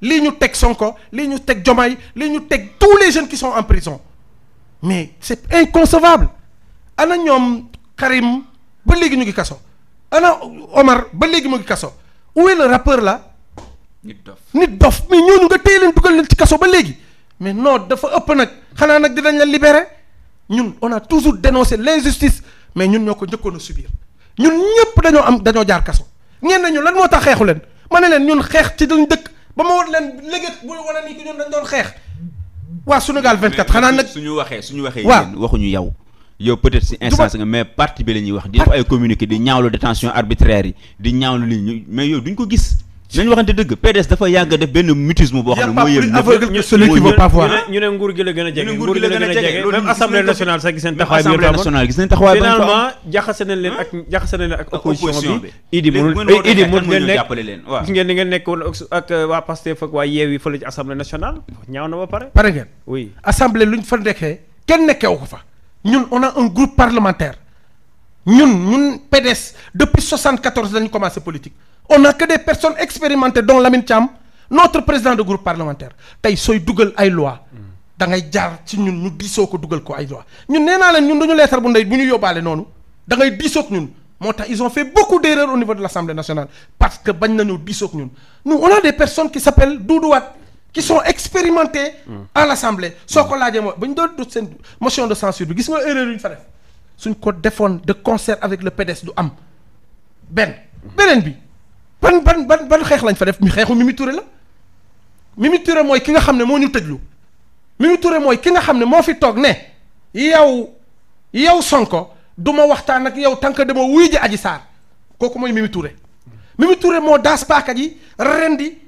lii ñu teg Sonko lii ñu teg Diomaye lii ñu teg tous les jeunes qui en prison mais c'est inconcevable ana ñoom Karim ba léegi ñu ngi kaso ana Omar ba léegi mu ngi kaso où est le rappeur la nit dof nit dof mais ñooñu nga téye leen dugal leen ci kaso ba léegi mais non dafa ëpp nag xanaa nag di dinañ la libérer ñun on a toujours dénoncé l'injustice mais ñun ñoo ko njëkkoon a subir ñun ñëpp dañoo am dañoo jaar kaso. ñenn ñu lan moo tax xeexu leen ma ne leen ñun xeex ci duñ dëkk. ba ma war leen léegi bu wala ni ko ñun dañ doon xeex waa Sunugal 24 xanaa nag suñu waxee suñu waxee yéen waxuñu yow yow peut-être si instance nga mais parti bi la ñuy wax di def ay communiqué di ñaawlu détention arbitraire yi di ñaawlu li ñu mais yow duñ ko gis nañu waxante dëgg PDS dafa yàgg def benn mutisme boo xam ne mooy yem ñu ne nguur gi la gën a jege nguur gi la gën a jege même assemblée nationale sax gis nañ taxawaay bi nationale gis nañ ngeen nekk euh, waa Pastef ak waa Yewwi fële ci assemblée nationale ñaaw na ba pare pare ngeen oui assemblée luñ fa nekkee kenn nekkeewu ko fa ñun on a un groupe parlementaire ñun ñun PDS depuis 74 lañu commencé politique on n'a que des personnes expérimentées dont am Thiam notre président de groupe parlementaire tey sooy dugal ay loi da ngay jaar ci ñun ñu diisoo ko dugal ko ay loi ñun nee naa leen ñun dañu leetar bu ndey bu ñu yóbbaale noonu da ngay diisoo ak ñun moo tax ils ont fait beaucoup d'erreurs au niveau de l'Assemblée nationale parce que bañ nañu diisoo ak ñun nous on a des personnes qui s'appellent Doudou Wade qui sont à l'Assemblée soo ko laajee mooy ba ñu doon dut seen motion de censure bi gis nga ko defoon de concert avec le PDS du am benn beneen bi ban ban ban ban xeex lañ fa def mi xeexu Mimi Touré la Mimi Touré mooy ki nga xam ne moo ñu tëjlu Mimi Touré mooy ki nga xam ne moo fi toog ne yow yow Sonko du ma waxtaan ak yow tànk que dama wuy ji Adji Sarr kooku mooy Mimi Touré Mimi Touré moo daas paaka ji rendi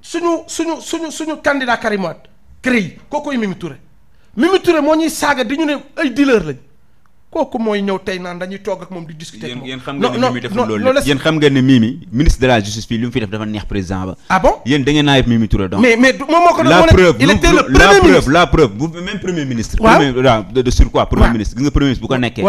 suñu suñu suñu suñu candidat Karim Wade kër yi kooku mooy Mimi Touré moo ñuy saaga di ñu ne ay dealer lañ. kooku mooy ñëw tey naan dañuy toog ak moom di discuter ak xam ngeen ne Mimi deful ministre de la justice fii li mu fi def dafa neex président ba ah bon yéen da naa yëpp Mimi Touré donc mais mais moom moo ko doon la preuve il était premier ministre la preuve la premier ministre ah, premier ministre bu ko nekkee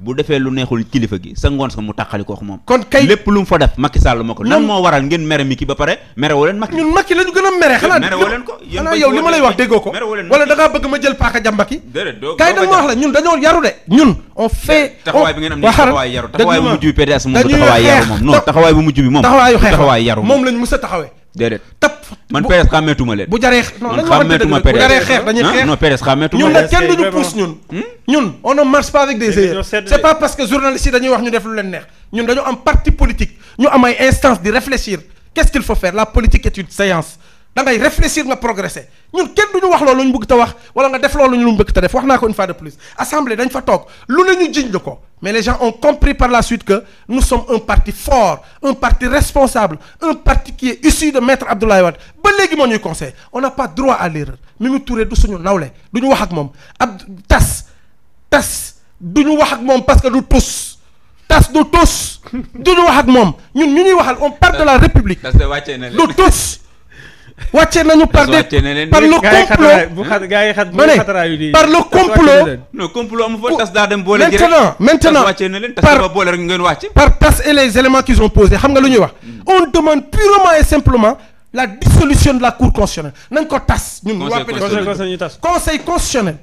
bu defee lu neexul kilifa gi sa ngoon sa mu tàqali ko moom. kon kay lépp lu mu fa def Macky Sall moo ko. lan moo waral ngeen mere mi ki ba pare mere woo leen Macky. ñun Macky la gën a mere. xanaa mere leen ko xanaa yow li ma lay wax déggoo ko. mere woo leen wala da ngaa bëgg ma jël paaka jàmbaki. déedéet doo kay da ma wax la ñun dañoo yaru de. ñun on fait. taxawaay bi ngeen am nii taxawaay yaru taxawaay bu mujj bi moom du taxawaay yaru moom taxawaay bu mujj bi moom. taxawaayu xeex moom lañ mës a taxawee déedéet tap man PDS xàmmeetuma leen. bu jaree non man xàmmeetuma PDS bu jaree xeex ah, non PDS xàmmeetuma ñun nag kenn duñu hmm? marche pas avec des erreurs. c'est pas parce que journalistes yi dañuy wax ñu def lu leen neex ñun dañu am parti politique ñu am ay instances di réfléchir qu'est-ce qu'il faut faire la politique est une séance da ngay réfléchir nga progresser ñun kenn du ñu wax loolu ñu bëgg te wax wala nga def loolu ñu bëgg te def wax naa ko une fois de plus assemblée dañ fa toog lu ne ñu jiñ ko mais les gens ont compris par la suite que nous sommes un parti fort un parti responsable un parti qui est issu de maître Abdoulaye Wade ba léegi moo ñuy conseil on n'a pas droit à l'erreur Mimi Touré du suñu nawle du ñu wax ak moom ab tas tas du ñu wax ak moom parce que du tus tas du tus du wax ak moom ñun ñu ñuy waxal on parle de la république du tus wàcce nañu par des par le complot ma ne par le complot. non complot amu par tas et les éléments qu'ils ont posés xam nga lu ñuy wax. Mm. on demande purement et simplement la dissolution de la cour constitutionnelle nañ ko tas. conseil constitutionnel.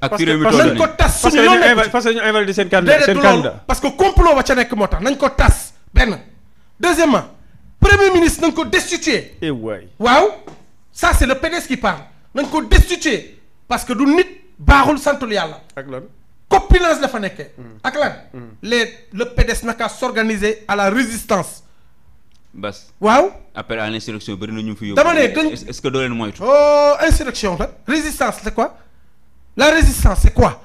parce que complot ba ca nekk moo tax ko tas benn deuxièmement premier ministre nañ ko destituer. Eh waaw. ça c'est le PDS qui parle nañ ko destituer parce que du nit baaxul santul yàlla. ak lan copulence la fa nekkee. Mm. ak lan mm. les le PDS naka s'organiser à la résistance. bas waaw. appel à l'insurrection bëri na ñu fi dama ne dañ est-ce que doo leen moytu. oh insurrection la résistance c'est quoi la résistance c'est quoi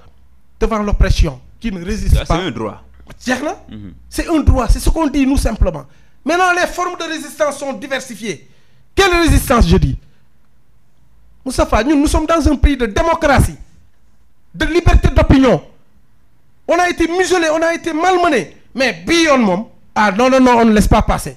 devant l'oppression qui ne résiste pas c'est un droit. jeex na. Mm-hmm. c'est un droit c'est ce qu'on dit nous simplement maintenant les formes de résistance sont diversifiées quelle résistance je dis. Moustapha ñun nous sommes dans un pays de démocratie de liberté d'opinion on a été muselé on a été malmené mais bii moom ah non non non on ne pas passer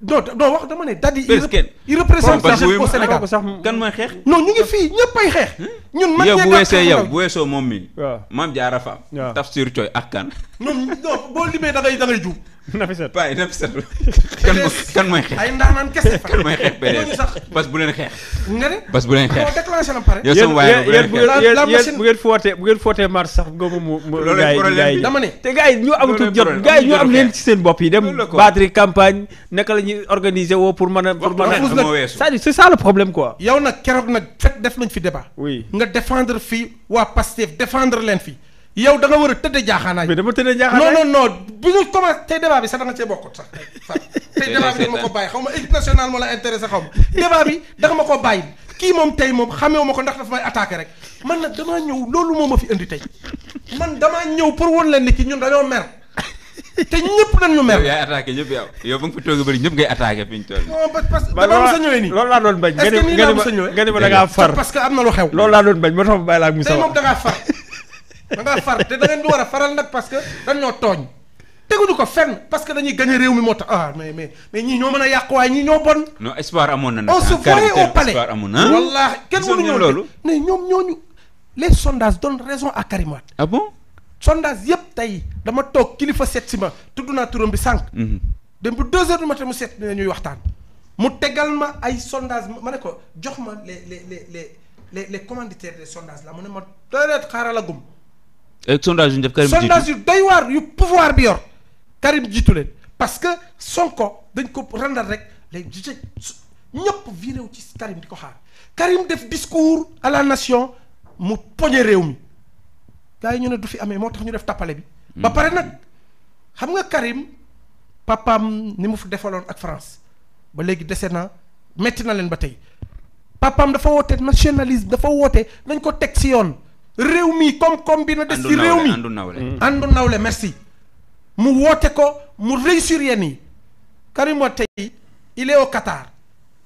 non non wax dama ne Daddy. il représente la jeunesse au Sénégal kan mooy xeex. non ñu ngi fii ñëppay xeex. ñun man bu weesee yow bu weesoo moom mi. waaw maam Diarra Fam. waaw Tafsir Coy ak kan. ñoom boo limee da ngay da Nafisatou Paa yi Nafisatou. kan mooy kan mooy xeex ay ndaanaan kese fa. kan mooy xeex PDS bas bu leen xeex. nga ne bas bu leen xeex. boo déclenché na pare. yow sama waay bu leen xeex la machine bu ngeen foote bu ngeen footee mars sax góobu mu. loolu problème bi dama ne te gars yi ñoo amatul jot gars yi ñoo am leen ci seen bopp yi dem. battre campagne naka la ñuy organiser woo pour mën a. pour mën a c'est-à-dire c'est ça le problème quoi. yow nag keroog nag fekk def nañ fi débat. oui nga défendre fii waa Pastef défendre leen fii yow danga war a tëddee jaaxaanaay. mais dama tëddee jaaxaanaay non non non bi ñu commencé tey débat bi sax da nga bokkut sax. tey débat bi nga ma ko bàyyi xaw ma équipe nationale moom tey moom ko ndax dafa ba nga a bëri ñëpp dama am sa ñëwee nii. loolu laa doon bañ. est nii nga ni ma da far. parce am na lu xew. loolu laa doon bañ moo tax ma bàyyi laa ak Moussa. tey moom da far. da ngaa far te da war a faral nag parce que dañ ñoo tooñ teguñu ko fen parce que dañuy gagné réew mi moo tax ah, mais mais mais ñii ñoo mën a yàq waaye ñii ñoo bon. non espoir amoon na nag. on se voyait au palais espoir amoon na. wallaahi kenn mënuñu loolu ne ñoom ñooñu les sondages donnent raison à Karim Wade. ah bon sondage yëpp tey dama toog kilifa seet si ma tudd naa turam bi sànq. Mhm. dem bu deux heures du matin mu seet ne ñuy waxtaan. mu tegal ma ay sondage ma ne ko jox ma les les les les les commanditaires des sondages la mu ne ma déedéet xaaral Euh, ak sondage yu ñu def waar yu pouvoir bi yor Karim jiitu leen parce que Sonko dañ ko randal rek léegi je ñëpp viréw ci Karim di ko xaar Karim def discours à la nation mu poñe réew mi gars yi ñu ne du fi amee moo tax ñu def tappale bi. Hmm. ba pare nag xam nga Karim papam ni mu fi defaloon ak France ba léegi dese na metti na leen ba tey papaam dafa woote nationalisme dafa woote dañ ko teg si yoon. réew mii koom-koom bi na des ci réew mi mm. àndu nawle merci mu woote ko mu réussir yenn yi Karim Wade tey il est au Qatar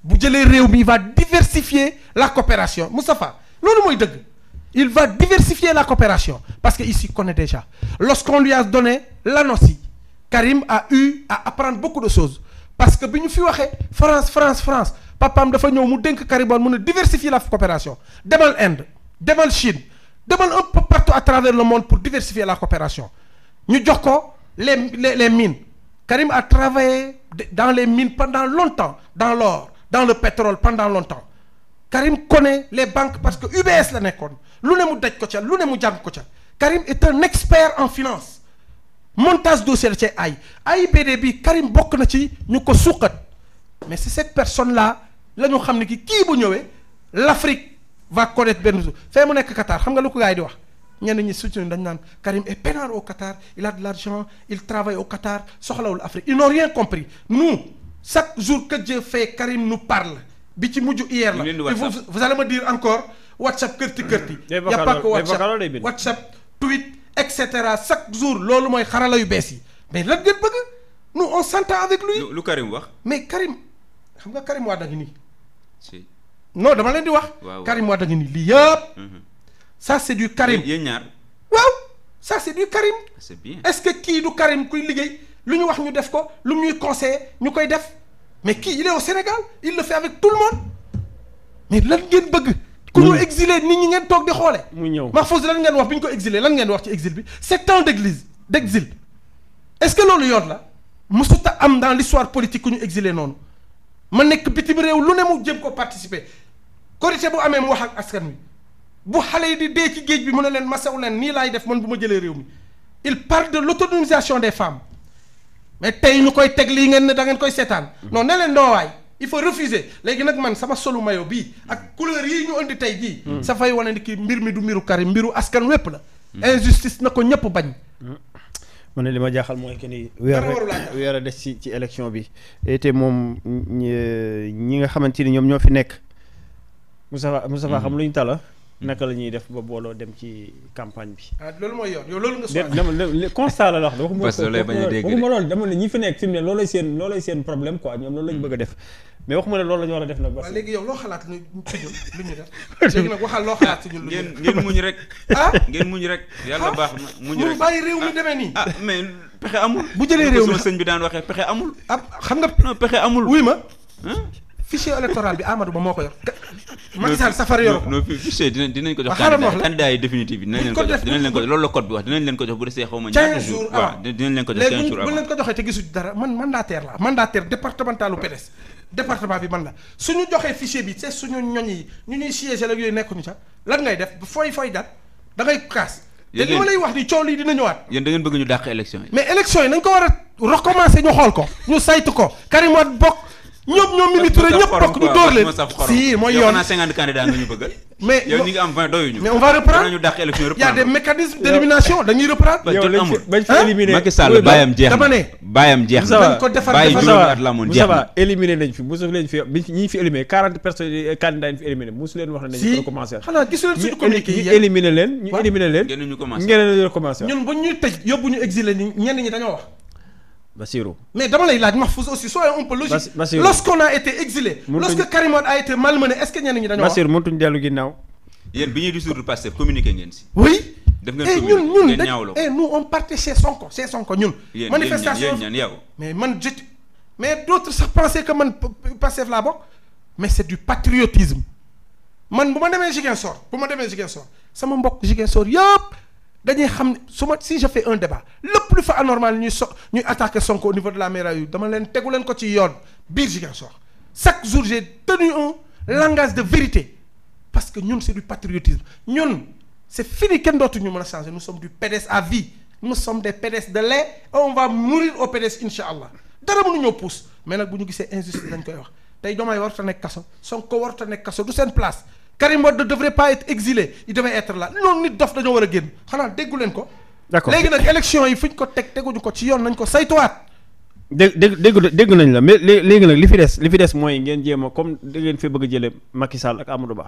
bu jëlee réew mi va diversifier la coopération Moustapha loolu mooy dëgg il va diversifier la coopération parce que il s'y connaît déjà lorsqu'on lui a donné l'ANOCI Karim a eu à apprendre beaucoup de choses parce que bi ñu fi waxee France France France papam dafa ñëw mu denk Karim Wade mun a diversifier la coopération demal Inde demal Chine demal un peu partout à travers le monde pour diversifier la coopération ñu jox ko les les les mines Karim à travaillé dans les mines pendant longtemps dans l'or dans le pétrole pendant longtemps Karim connaît les banques parce que UBS la nekkoon lu ne mu daj ko ca lu ne mu jàng ko ca Karim est un expert en finance montage dossier la ca ay AIBD bi Karim bokk na ci ñu ko suqat mais ci cette personne là la ñu xam ne ki kii bu ñëwee l'Afrique va connaître benn jour fee mu nekk Qatar xam nga lu ko gars yi di wax ñenn ñi surtout dañ naan Karim est peinard au Qatar il a de l'argent il travaille au Qatar soxlawul Afrique ils n'ont rien compris nous chaque jour que Dieu fait Karim nous parle bi ci mujj hier la vous vous allez me dire encore WhatsApp kërti kërti y a pas que WhatsApp WhatsApp tweet et cetera chaque jour loolu mooy xarala yu bees yi mais lan ngeen bëgg nous on santa avec lui lu Karim wax mais Karim xam nga Karim Wade a ngi nii no dama leen di wax. Karim Wade ngi ni lii yëpp. Mhm. ça c' est du Karim yéen waaw ça c' est du Karim. Ah, c' que kii du Karim kuy liggéey lu ñu wax ñu def ko lu muy conseillé ñu koy def mais kii il est Sénégal il le fait avec tout le monde mais lan ngeen bëgg. ku ñu exilé nit ñi ngeen toog di xoole mu ñëw Mahfouz lan ngeen wax bi ñu ko exilé lan ngeen wax ci exil bi sept ans d' église d' exil est ce que loolu yoon la mësut a am dans l'histoire politique ku ñu exilé noonu ma nekk bitim réew lu ne mu jëm ko participer. korité bu amee mu wax ak askan wi bu xale yi di dee ci géej bi mu ne leen ma sew leen nii laay def man bu ma jëlee réew mi il parle de l'autonomisation des femmes mais tey ñu koy teg lii ngeen ne da koy seetaan non ne leen doowaay il faut refuser léegi nag man sama solu mayo bi ak couleur yi ñu indi tey jii sa hmm. fay wane ni kii mbir mi du mbiru Karim mbiru askan wépp la hmm. injustice na ko ñëpp bañ mu hmm. ne li ma jaaxal mooy que ni weer weer a des ci ci élection bi te moom ñi nga xamante ni ñoom ñoo fi nekk Moustapha Moustapha mhm. xam lu ñu tala ah? mhm. naka la def ba booloo dem ci campagne bi. Ah, loolu mooy yoon yow loolu nga. soxla dama a a def mais waxuma loolu la ñu war a def nag. waaw léegi def léegi nag waxal loo xalaat tëjul ah? réew mi demee nii. ah mais pexe amul. bu jëlee réew mi daan waxee pexe amul. wuy ma fichier électoral bi Amadou Ba moo ko yor Macky Sall safar yor ko non bi dinañ ah, la code bi joxee te man mandataire la mandataire départementalu PDS bi man la suñu ñoñ yi ñu ñuy siégé la yooyu nekkuñu ca lan ngay def fooy fooy dat da ngay kaas te li ma wax ni coow lii dina ñëwaat yéen da ngeen bëgg ñu dàq élection yi mais élection yi nañ ko war a recommencer ñu xool ko ñu saytu ko Karim bokk ñoom ñoom Mimi Touré ñëpp bokk ñu dóor leen si mooy yoon a 50 candidats nga ñu bëggal mais yow ñi nga am 20 doyuñu mais on va reprendre ñu dàq élection reprendre y a des mécanismes d'élimination dañuy reprendre yow bañ fi éliminer Macky Sall bàyyam jeex dama ne bàyyam jeex dañ ko defar bàyyi juróomi at la amoon jeex na éliminer nañ fi mosu leen fi ñi fi éliminer 40 personnes euh, candidats ñu fi éliminer mosu leen wax ne nañ ko recommencer xanaa gisu leen suñu communiqué yi ñu éliminer leen ñu éliminer leen ngeen ñu recommencer ñun bu ñuy tëj yóbbu ñu exilé ñenn ñi dañoo wax Bassirou mais dama lay laaj Mahfouz aussi soyons un peu logique. Bassirou lorsqu'on a été exilé. lorsque Karim Wade a été malmené est-ce que ñenn ñi dañoo wax. Bassirou mëntuñ dellu ginnaaw. yéen bi ñuy dissoudre Pastef communiqué ngeen communiqué ngeen ñaawloo et manifestation mais man je mais d'autres sax pensaient que man Pastef laa bokk mais c'est du patriotisme man bu ma demee Ziguinchor bu ma demee Ziguinchor sama mbokk Ziguinchor yëpp. dañuy xam ne su ma si je fais un débat lépp lu fa anormal ñuy so ñuy attaqué Sonko au niveau de la mairie yu dama leen tegu leen ko ci yoon biir Ziguinchor chaque jour j'ai tenu un langage de vérité parce que ñun c'est du patriotisme ñun c'est fini kenn dootuñu mën a changer nous sommes du PDS à vie nous sommes des PDS de lait et on va mourir au PDS insha allah dara mënuñoo pousse mais nag bu ñu gisee injustice dañ koy wax tey Diomaye warut a nekk kaso Sonko warut nekk kaso du seen place Karim Wade ne devrait pas être exilé il devait être là nit dof dañoo war a génn xanaa déggu leen ko. d'accord léegi nag élection yi fu ko teg teguñu ko ci yoon nañ ko saytuwaat. dé dégg dégg nañ la mais léegi nag li fi des li fi des mooy ngeen jéem a comme da ngeen fi bëgg a jëlee Macky Sall ak Amadou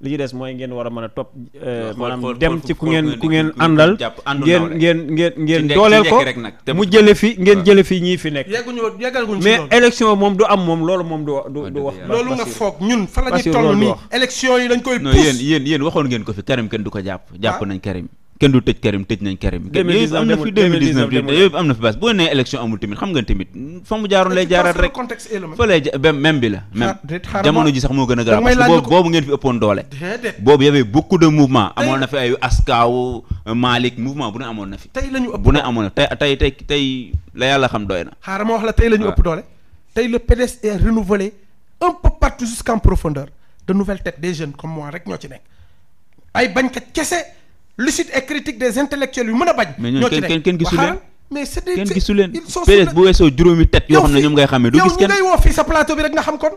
li ñu des mooy ngeen war a mën a topp euh, maanaam dem ci ku ngeen ku ngeen àndal ngeen ngeen ngeen ngeen dooleel ko mu jële fi ngeen jële fi ñii fi nekk mais élection moom du am moom loolu moom du du wax loolu nga foog ñun fa la ñu toll nii élection yi dañ koy pousse yéen yéen yéen waxoon ngeen ko fi Karim kenn du ko jàpp jàpp ah. nañ Karim kenn du tëj Karim tëj nañ Karim. 2019 am na fi 2019 yooyu am nee élection amul tamit xam nga tamit fa mu jaaroon lay jaaraat rek fa lay bi la ah, même jamono ji sax moo gën a garaaw boobu ngeen fi ëppoon doole boobu y avait beaucoup de mouvement amoon na fi ay askaaw Malick mouvement bu ne amoon na fi tey lañu ëpp la yàlla xam doy na xaaral ma doole tey le PDS est renouvelé un peu partout jusqu'en profondeur de nouvelles têtes des jeunes comme moi rek ñoo ci nekk ay bañkat kese lucide et critique des intellectuels yu mën a bañ. ñoo ci nekk kenn gisu leen mais c'est des kenn gisu leen PDS bu weesoo juróomi tête yoo xam ne ñoom ngay xamee du gis kenn yow ñu ngay woo fii sa plateau bi rek nga xam kon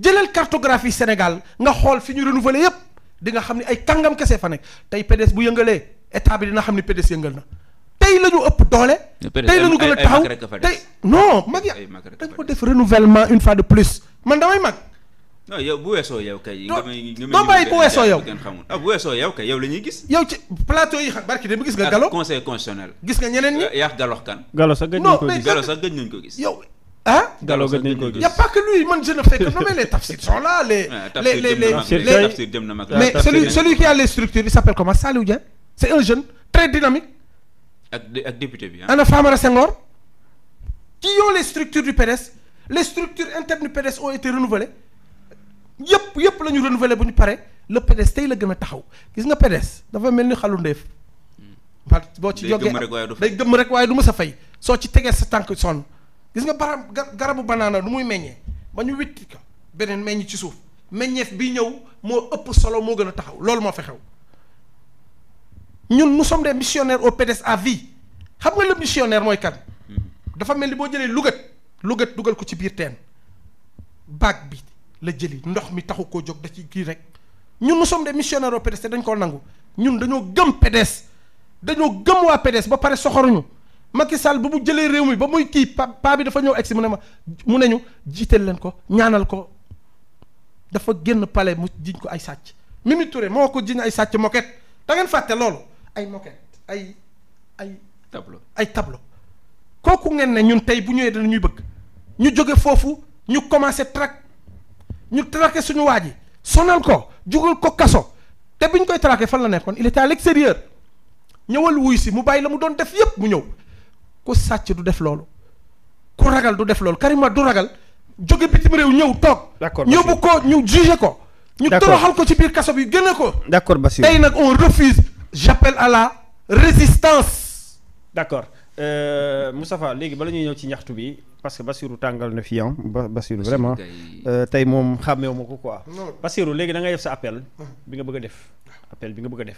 jëlal cartographie Sénégal nga xool fi ñu renouveler yépp di nga xam ne ay kàngam kese fa nekk tey PDS bu yëngalee état bi dina xam ne PDS yëngal na tey la ñu ëpp doole tey la ñu gën a taxaw tey non mag ya dañ ko def renouvellement une fois de plus man damay mag non yow bu weesoo yow kay. nga may ah, yow la ñuy gis. yow ci plateau yi xam barki dem gis nga. Gallo ah, conseil constitutionnel. gis nga ñeneen ñi yaa Gallo kan. Gallo sax gëj nañ ko gis Gallo sax gëj nañ ko gis. yow ah. ko gis y' a pas que lui man je ne fais que nommer les tafsir sont là les. les les tafsir jëm na mag mais celui celui qui a les structures il s' appelle comment Saliou Dia c' est un jeune très dynamique. ak ak député bi ah. ana Famara Senghor. qui ont les structures du PDS les structures internes du PDS yëpp yëpp la ñu renouveler bu ñu pare le PDS tey la gën a taxaw gis nga PDS dafa mel ni xalu ndeef ba hmm. boo ci jógee day gëmm rek waaye du ma sa fay soo ci tegee sa tànk sonn gis nga bara garabu banaana lu muy meññee ba ñu witti ko beneen meññ ci suuf meññeef bi ñëw moo ëpp solo moo gën a taxaw loolu moo fi xew ñun mu sommes des au PDS à vie xam nga le missionnaire mooy kan hmm. dafa mel ni boo jëlee lugat lugat dugal ko ci biir teen baag bi la jëli ndox mi taxu koo jóg da ci kii rek ñun nous sommes des missionnaires au te dañ koo nangu ñun dañoo gëm PDS dañoo gëm waa PDS ba pare soxoruñu Macky Sall bu mu jëlee réew mi ba muy kii pa paa bi dafa ñëw egsi mu ne ma mu ne ñu jiital leen ko ñaanal ko dafa génn pale mu jiñ ko ay sàcc Mimi Touré moo ko jiñ ay sàcc moket da fàtte loolu ay moket ay ay. tableau ay tableau kooku ngeen ne ñun tey bu ñëwee dana ñuy bëgg ñu jóge foofu ñu commencé track ñu traqué suñu waa yi sonal ko jugal ko kaso te biñ koy traqué fan la nekkoon il était à l'extérieur ñëwal wuy si mu bàyyi la mu doon def yépp mu ñëw ku sàcc du def loolu ku ragal du def loolu Karim Wade du ragal jóge bitim réew ñëw toog. d'accord ñëbbu ko ñu jugé ko. ñu toroxal ko ci biir kaso bi gën a ko. d'accord Bassirou tey nag on refuse. j'appelle à la résistance. d'accord euh, Moustapha léegi bala ñuy ñëw ci ñaxtu bi. parce que Bassirou tàngal na fi ah ba Bassirou vraiment euh, tey moom xàmmeewu ma ko quoi. Bassirou léegi da ngay def sa appel ah. bi nga bëgg a def ah. appel bi nga bëgg a def